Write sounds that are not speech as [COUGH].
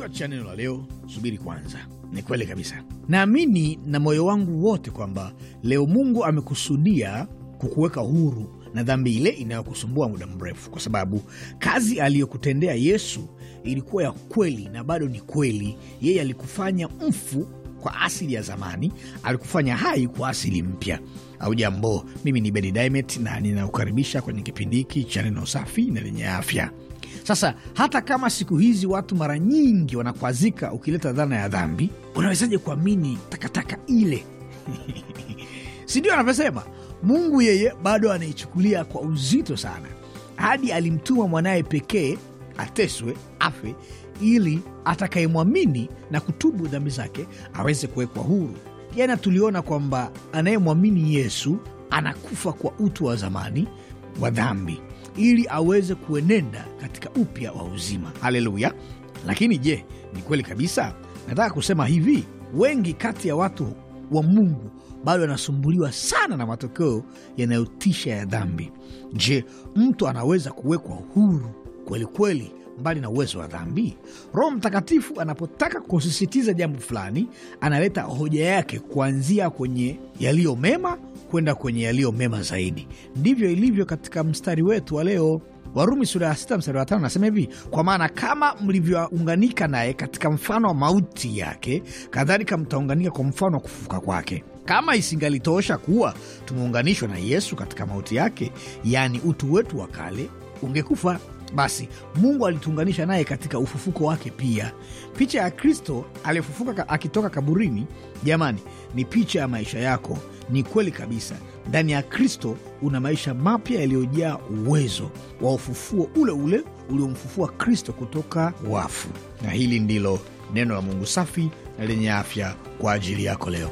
Kichwa cha neno la leo: subiri kwanza. Ni kweli kabisa, naamini na moyo wangu wote kwamba leo Mungu amekusudia kukuweka huru na dhambi ile inayokusumbua muda mrefu, kwa sababu kazi aliyokutendea Yesu ilikuwa ya kweli na bado ni kweli. Yeye alikufanya mfu kwa asili ya zamani alikufanya hai kwa asili mpya. Au jambo, mimi ni Beni Dimet na ninakukaribisha kwenye kipindi hiki cha neno safi na lenye afya. Sasa hata kama siku hizi watu mara nyingi wanakwazika ukileta dhana ya dhambi, unawezaje kuamini takataka ile? [LAUGHS] sindio anavyosema Mungu, yeye bado anaichukulia kwa uzito sana, hadi alimtuma mwanaye pekee ateswe, afe ili atakayemwamini na kutubu dhambi zake aweze kuwekwa huru. Jana tuliona kwamba anayemwamini Yesu anakufa kwa utu wa zamani wa dhambi ili aweze kuenenda katika upya wa uzima. Haleluya! Lakini je, ni kweli kabisa? Nataka kusema hivi, wengi kati ya watu wa Mungu bado anasumbuliwa sana na matokeo yanayotisha ya dhambi. Je, mtu anaweza kuwekwa huru kweli kweli mbali na uwezo wa dhambi. Roho Mtakatifu anapotaka kusisitiza jambo fulani, analeta hoja yake kuanzia kwenye yaliyo mema kwenda kwenye yaliyo mema zaidi. Ndivyo ilivyo katika mstari wetu wa leo. Warumi sura ya sita mstari wa tano nasema hivi: kwa maana kama mlivyounganika naye katika mfano wa mauti yake, kadhalika mtaunganika kwa mfano wa kufufuka kwake. Kama isingalitosha kuwa tumeunganishwa na Yesu katika mauti yake, yaani utu wetu wa kale ungekufa basi Mungu alituunganisha naye katika ufufuko wake pia. Picha ya Kristo aliyefufuka akitoka kaburini, jamani, ni picha ya maisha yako. Ni kweli kabisa, ndani ya Kristo una maisha mapya yaliyojaa uwezo wa ufufuo ule ule uliomfufua Kristo kutoka wafu. Na hili ndilo neno la Mungu safi na lenye afya kwa ajili yako leo.